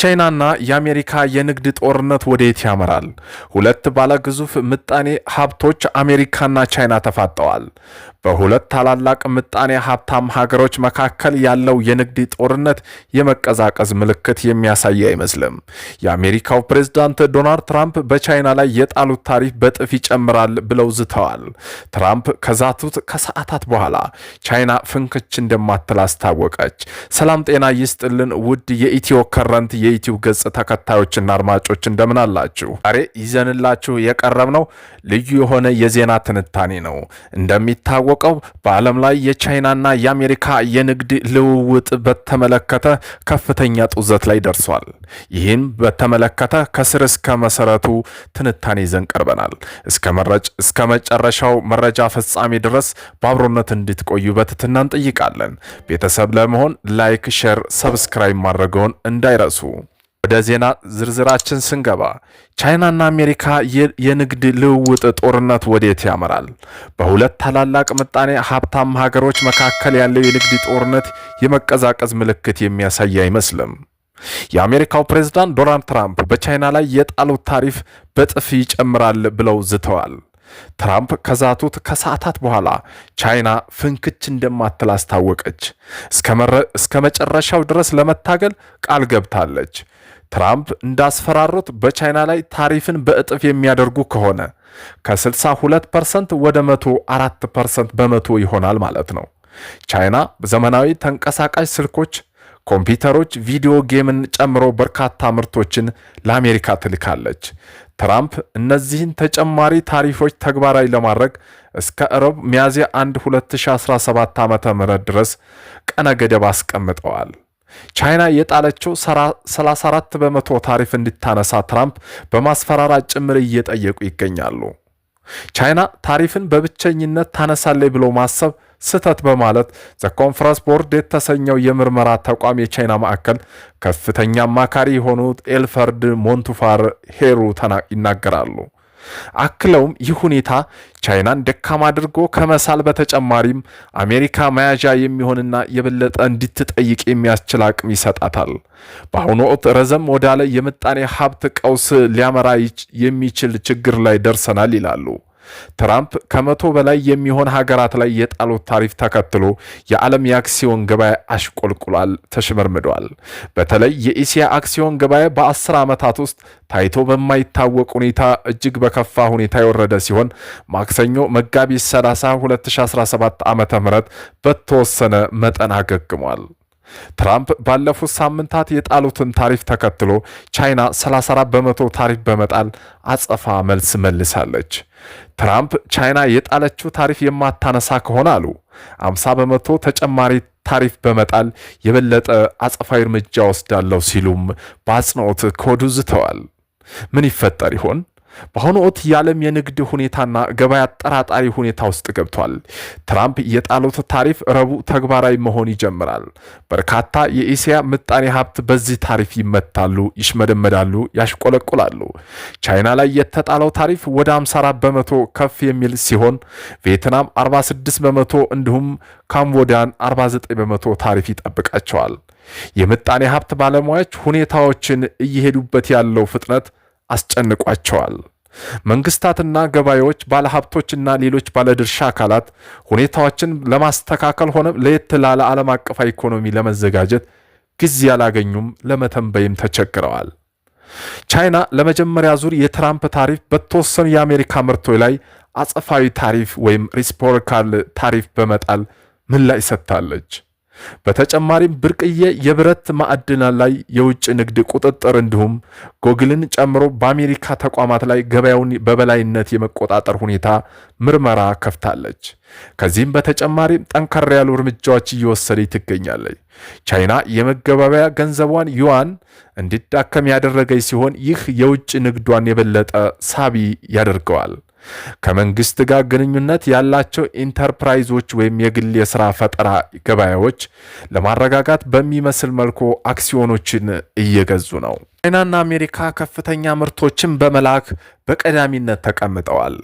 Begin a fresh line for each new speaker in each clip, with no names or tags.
የቻይናና የአሜሪካ የንግድ ጦርነት ወዴት ያመራል? ሁለት ባለግዙፍ ምጣኔ ሀብቶች አሜሪካና ቻይና ተፋጠዋል። በሁለት ታላላቅ ምጣኔ ሀብታም ሀገሮች መካከል ያለው የንግድ ጦርነት የመቀዛቀዝ ምልክት የሚያሳይ አይመስልም። የአሜሪካው ፕሬዝዳንት ዶናልድ ትራምፕ በቻይና ላይ የጣሉት ታሪፍ በጥፍ ይጨምራል ብለው ዝተዋል። ትራምፕ ከዛቱት ከሰዓታት በኋላ ቻይና ፍንክች እንደማትል አስታወቀች። ሰላም ጤና ይስጥልን ውድ የኢትዮ ከረንት የዩቲዩብ ገጽ ተከታዮችና አድማጮች እንደምን አላችሁ? ዛሬ ይዘንላችሁ የቀረብነው ልዩ የሆነ የዜና ትንታኔ ነው። እንደሚታወቀው በዓለም ላይ የቻይናና የአሜሪካ የንግድ ልውውጥ በተመለከተ ከፍተኛ ጡዘት ላይ ደርሷል። ይህም በተመለከተ ከስር እስከ መሰረቱ ትንታኔ ይዘን ቀርበናል። እስከ መጨረሻው መረጃ ፍጻሜ ድረስ በአብሮነት እንድትቆዩ በትህትና እንጠይቃለን። ቤተሰብ ለመሆን ላይክ፣ ሼር፣ ሰብስክራይብ ማድረገውን እንዳይረሱ። ወደ ዜና ዝርዝራችን ስንገባ ቻይናና አሜሪካ የንግድ ልውውጥ ጦርነት ወዴት ያመራል? በሁለት ታላላቅ ምጣኔ ሀብታም ሀገሮች መካከል ያለው የንግድ ጦርነት የመቀዛቀዝ ምልክት የሚያሳይ አይመስልም። የአሜሪካው ፕሬዝዳንት ዶናልድ ትራምፕ በቻይና ላይ የጣሉት ታሪፍ በጥፍ ይጨምራል ብለው ዝተዋል። ትራምፕ ከዛቱት ከሰዓታት በኋላ ቻይና ፍንክች እንደማትል አስታወቀች። እስከ መጨረሻው ድረስ ለመታገል ቃል ገብታለች። ትራምፕ እንዳስፈራሩት በቻይና ላይ ታሪፍን በእጥፍ የሚያደርጉ ከሆነ ከ62 ፐርሰንት ወደ 104 ፐርሰንት በመቶ ይሆናል ማለት ነው። ቻይና ዘመናዊ ተንቀሳቃሽ ስልኮች፣ ኮምፒውተሮች፣ ቪዲዮ ጌምን ጨምሮ በርካታ ምርቶችን ለአሜሪካ ትልካለች። ትራምፕ እነዚህን ተጨማሪ ታሪፎች ተግባራዊ ለማድረግ እስከ እሮብ ሚያዝያ 1 2017 ዓ ም ድረስ ቀነ ገደብ አስቀምጠዋል። ቻይና የጣለችው 34 በመቶ ታሪፍ እንድታነሳ ትራምፕ በማስፈራራት ጭምር እየጠየቁ ይገኛሉ። ቻይና ታሪፍን በብቸኝነት ታነሳለች ብሎ ማሰብ ስህተት በማለት ዘ ኮንፈረንስ ቦርድ የተሰኘው የምርመራ ተቋም የቻይና ማዕከል ከፍተኛ አማካሪ የሆኑት ኤልፈርድ ሞንቱፋር ሄሩ ይናገራሉ። አክለውም ይህ ሁኔታ ቻይናን ደካማ አድርጎ ከመሳል በተጨማሪም አሜሪካ መያዣ የሚሆንና የበለጠ እንድትጠይቅ የሚያስችል አቅም ይሰጣታል። በአሁኑ ወቅት ረዘም ወዳለ የምጣኔ ሀብት ቀውስ ሊያመራ የሚችል ችግር ላይ ደርሰናል ይላሉ። ትራምፕ ከመቶ በላይ የሚሆን ሀገራት ላይ የጣሉት ታሪፍ ተከትሎ የዓለም የአክሲዮን ገበያ አሽቆልቁሏል፣ ተሽመርምዷል። በተለይ የኢሲያ አክሲዮን ገበያ በአስር ዓመታት ውስጥ ታይቶ በማይታወቅ ሁኔታ እጅግ በከፋ ሁኔታ የወረደ ሲሆን ማክሰኞ መጋቢት 30 2017 ዓ ም በተወሰነ መጠን አገግሟል። ትራምፕ ባለፉት ሳምንታት የጣሉትን ታሪፍ ተከትሎ ቻይና 34 በመቶ ታሪፍ በመጣል አጸፋ መልስ መልሳለች። ትራምፕ ቻይና የጣለችው ታሪፍ የማታነሳ ከሆነ አሉ 50 በመቶ ተጨማሪ ታሪፍ በመጣል የበለጠ አጸፋዊ እርምጃ ወስዳለሁ ሲሉም በአጽንኦት ኮዱ ዝተዋል። ምን ይፈጠር ይሆን? በአሁኑ ወቅት የዓለም የንግድ ሁኔታና ገበያ አጠራጣሪ ሁኔታ ውስጥ ገብቷል። ትራምፕ የጣሉት ታሪፍ ረቡዕ ተግባራዊ መሆን ይጀምራል። በርካታ የኤስያ ምጣኔ ሀብት በዚህ ታሪፍ ይመታሉ፣ ይሽመደመዳሉ፣ ያሽቆለቁላሉ። ቻይና ላይ የተጣለው ታሪፍ ወደ 54 በመቶ ከፍ የሚል ሲሆን ቪየትናም 46 በመቶ እንዲሁም ካምቦዲያን 49 በመቶ ታሪፍ ይጠብቃቸዋል። የምጣኔ ሀብት ባለሙያዎች ሁኔታዎችን እየሄዱበት ያለው ፍጥነት አስጨንቋቸዋል። መንግስታትና ገበያዎች፣ ባለሀብቶችና ሌሎች ባለድርሻ አካላት ሁኔታዎችን ለማስተካከል ሆነ ለየት ላለ ዓለም አቀፍ ኢኮኖሚ ለመዘጋጀት ጊዜ አላገኙም፣ ለመተንበይም ተቸግረዋል። ቻይና ለመጀመሪያ ዙር የትራምፕ ታሪፍ በተወሰኑ የአሜሪካ ምርቶች ላይ አጸፋዊ ታሪፍ ወይም ሪሲፕሮካል ታሪፍ በመጣል ምላሽ ሰጥታለች። በተጨማሪም ብርቅዬ የብረት ማዕድና ላይ የውጭ ንግድ ቁጥጥር እንዲሁም ጎግልን ጨምሮ በአሜሪካ ተቋማት ላይ ገበያውን በበላይነት የመቆጣጠር ሁኔታ ምርመራ ከፍታለች። ከዚህም በተጨማሪም ጠንከር ያሉ እርምጃዎች እየወሰደች ትገኛለች። ቻይና የመገባበያ ገንዘቧን ዩዋን እንዲዳከም ያደረገች ሲሆን ይህ የውጭ ንግዷን የበለጠ ሳቢ ያደርገዋል። ከመንግስት ጋር ግንኙነት ያላቸው ኢንተርፕራይዞች ወይም የግል የስራ ፈጠራ ገበያዎች ለማረጋጋት በሚመስል መልኩ አክሲዮኖችን እየገዙ ነው። ቻይናና አሜሪካ ከፍተኛ ምርቶችን በመላክ በቀዳሚነት ተቀምጠዋል።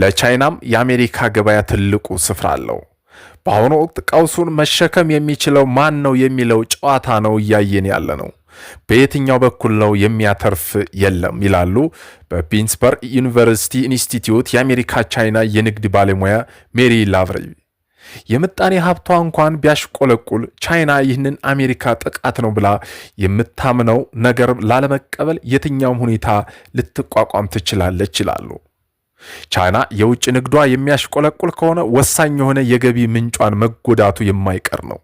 ለቻይናም የአሜሪካ ገበያ ትልቁ ስፍራ አለው። በአሁኑ ወቅት ቀውሱን መሸከም የሚችለው ማን ነው የሚለው ጨዋታ ነው እያየን ያለ ነው። በየትኛው በኩል ነው የሚያተርፍ የለም ይላሉ በፒንስበርግ ዩኒቨርሲቲ ኢንስቲትዩት የአሜሪካ ቻይና የንግድ ባለሙያ ሜሪ ላቭሪ። የምጣኔ ሀብቷ እንኳን ቢያሽቆለቁል ቻይና ይህንን አሜሪካ ጥቃት ነው ብላ የምታምነው ነገር ላለመቀበል የትኛውም ሁኔታ ልትቋቋም ትችላለች ይላሉ። ቻይና የውጭ ንግዷ የሚያሽቆለቁል ከሆነ ወሳኝ የሆነ የገቢ ምንጯን መጎዳቱ የማይቀር ነው።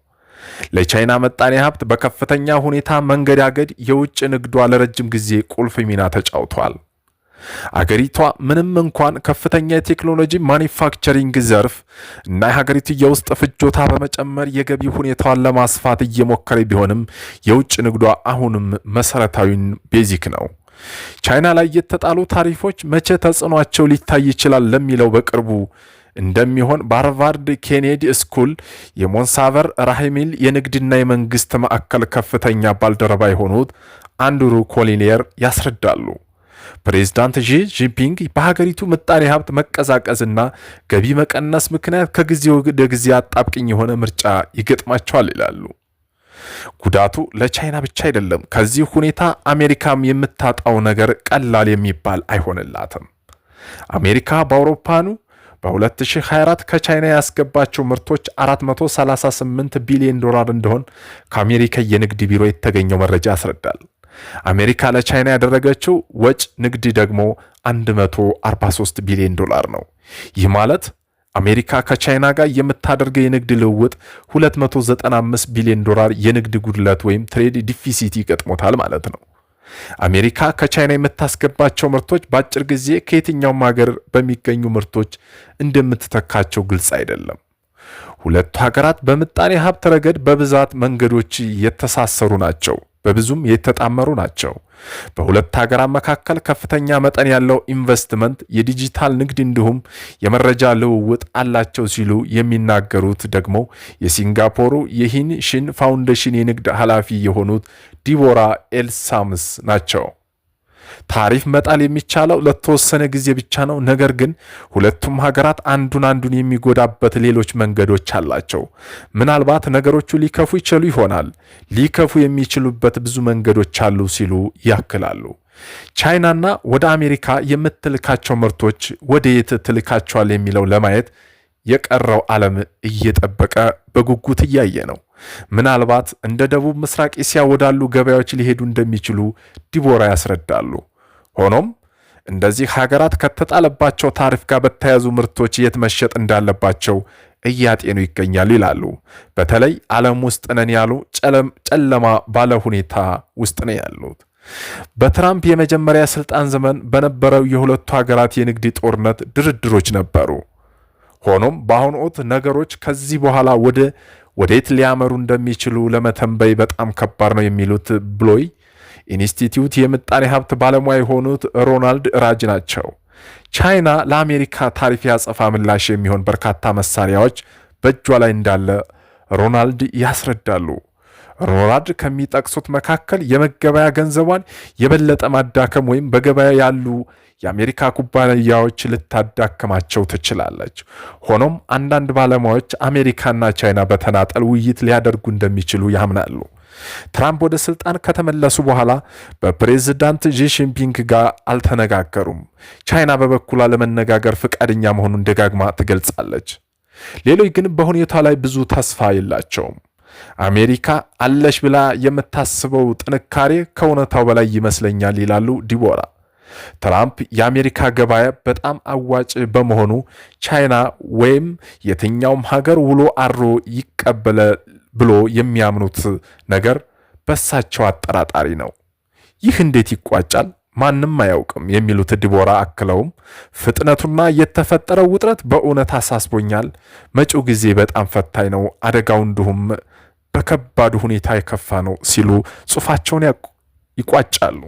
ለቻይና መጣኔ ሀብት በከፍተኛ ሁኔታ መንገዳገድ የውጭ ንግዷ ለረጅም ጊዜ ቁልፍ ሚና ተጫውቷል። አገሪቷ ምንም እንኳን ከፍተኛ የቴክኖሎጂ ማኒፋክቸሪንግ ዘርፍ እና የሀገሪቱ የውስጥ ፍጆታ በመጨመር የገቢ ሁኔታዋን ለማስፋት እየሞከረ ቢሆንም የውጭ ንግዷ አሁንም መሰረታዊን ቤዚክ ነው። ቻይና ላይ የተጣሉ ታሪፎች መቼ ተጽዕኗቸው ሊታይ ይችላል ለሚለው በቅርቡ እንደሚሆን በሃርቫርድ ኬኔዲ ስኩል የሞንሳቨር ራሂሚል የንግድና የመንግስት ማዕከል ከፍተኛ ባልደረባ የሆኑት አንድሩ ኮሊኔር ያስረዳሉ። ፕሬዚዳንት ዢ ጂንፒንግ በሀገሪቱ ምጣኔ ሀብት መቀዛቀዝና ገቢ መቀነስ ምክንያት ከጊዜ ወደ ጊዜ አጣብቅኝ የሆነ ምርጫ ይገጥማቸዋል ይላሉ። ጉዳቱ ለቻይና ብቻ አይደለም። ከዚህ ሁኔታ አሜሪካም የምታጣው ነገር ቀላል የሚባል አይሆንላትም። አሜሪካ በአውሮፓኑ በ2024 ከቻይና ያስገባቸው ምርቶች 438 ቢሊዮን ዶላር እንደሆን ከአሜሪካ የንግድ ቢሮ የተገኘው መረጃ ያስረዳል። አሜሪካ ለቻይና ያደረገችው ወጭ ንግድ ደግሞ 143 ቢሊዮን ዶላር ነው። ይህ ማለት አሜሪካ ከቻይና ጋር የምታደርገው የንግድ ልውውጥ 295 ቢሊዮን ዶላር የንግድ ጉድለት ወይም ትሬድ ዲፊሲቲ ይገጥሞታል ማለት ነው። አሜሪካ ከቻይና የምታስገባቸው ምርቶች በአጭር ጊዜ ከየትኛውም ሀገር በሚገኙ ምርቶች እንደምትተካቸው ግልጽ አይደለም። ሁለቱ ሀገራት በምጣኔ ሀብት ረገድ በብዛት መንገዶች የተሳሰሩ ናቸው። በብዙም የተጣመሩ ናቸው። በሁለት ሀገራት መካከል ከፍተኛ መጠን ያለው ኢንቨስትመንት፣ የዲጂታል ንግድ እንዲሁም የመረጃ ልውውጥ አላቸው ሲሉ የሚናገሩት ደግሞ የሲንጋፖሩ የሂን ሽን ፋውንዴሽን የንግድ ኃላፊ የሆኑት ዲቦራ ኤልሳምስ ናቸው። ታሪፍ መጣል የሚቻለው ለተወሰነ ጊዜ ብቻ ነው። ነገር ግን ሁለቱም ሀገራት አንዱን አንዱን የሚጎዳበት ሌሎች መንገዶች አላቸው። ምናልባት ነገሮቹ ሊከፉ ይችሉ ይሆናል። ሊከፉ የሚችሉበት ብዙ መንገዶች አሉ ሲሉ ያክላሉ። ቻይናና ወደ አሜሪካ የምትልካቸው ምርቶች ወደ የት ትልካቸዋል የሚለው ለማየት የቀረው ዓለም እየጠበቀ በጉጉት እያየ ነው። ምናልባት እንደ ደቡብ ምስራቅ እስያ ወዳሉ ገበያዎች ሊሄዱ እንደሚችሉ ዲቦራ ያስረዳሉ። ሆኖም እንደዚህ ሀገራት ከተጣለባቸው ታሪፍ ጋር በተያያዙ ምርቶች የት መሸጥ እንዳለባቸው እያጤኑ ይገኛሉ ይላሉ። በተለይ ዓለም ውስጥ ነን ያሉ ጨለማ ባለ ሁኔታ ውስጥ ነው ያሉት። በትራምፕ የመጀመሪያ ስልጣን ዘመን በነበረው የሁለቱ ሀገራት የንግድ ጦርነት ድርድሮች ነበሩ። ሆኖም በአሁኑ ወቅት ነገሮች ከዚህ በኋላ ወደ ወዴት ሊያመሩ እንደሚችሉ ለመተንበይ በጣም ከባድ ነው የሚሉት ብሎይ ኢንስቲትዩት የምጣኔ ሀብት ባለሙያ የሆኑት ሮናልድ ራጅ ናቸው። ቻይና ለአሜሪካ ታሪፍ ያጸፋ ምላሽ የሚሆን በርካታ መሳሪያዎች በእጇ ላይ እንዳለ ሮናልድ ያስረዳሉ። ሮናልድ ከሚጠቅሱት መካከል የመገበያ ገንዘቧን የበለጠ ማዳከም ወይም በገበያ ያሉ የአሜሪካ ኩባንያዎች ልታዳክማቸው ትችላለች። ሆኖም አንዳንድ ባለሙያዎች አሜሪካና ቻይና በተናጠል ውይይት ሊያደርጉ እንደሚችሉ ያምናሉ። ትራምፕ ወደ ስልጣን ከተመለሱ በኋላ በፕሬዝዳንት ሺጂንፒንግ ጋር አልተነጋገሩም። ቻይና በበኩሏ ለመነጋገር ፈቃደኛ መሆኑን ደጋግማ ትገልጻለች። ሌሎች ግን በሁኔታ ላይ ብዙ ተስፋ የላቸውም። አሜሪካ አለሽ ብላ የምታስበው ጥንካሬ ከእውነታው በላይ ይመስለኛል ይላሉ ዲቦራ። ትራምፕ የአሜሪካ ገበያ በጣም አዋጭ በመሆኑ ቻይና ወይም የትኛውም ሀገር ውሎ አድሮ ይቀበለ ብሎ የሚያምኑት ነገር በሳቸው አጠራጣሪ ነው። ይህ እንዴት ይቋጫል? ማንም አያውቅም የሚሉት ዲቦራ አክለውም ፍጥነቱና የተፈጠረው ውጥረት በእውነት አሳስቦኛል። መጪው ጊዜ በጣም ፈታኝ ነው፣ አደጋው እንዲሁም በከባዱ ሁኔታ የከፋ ነው ሲሉ ጽሑፋቸውን ይቋጫሉ።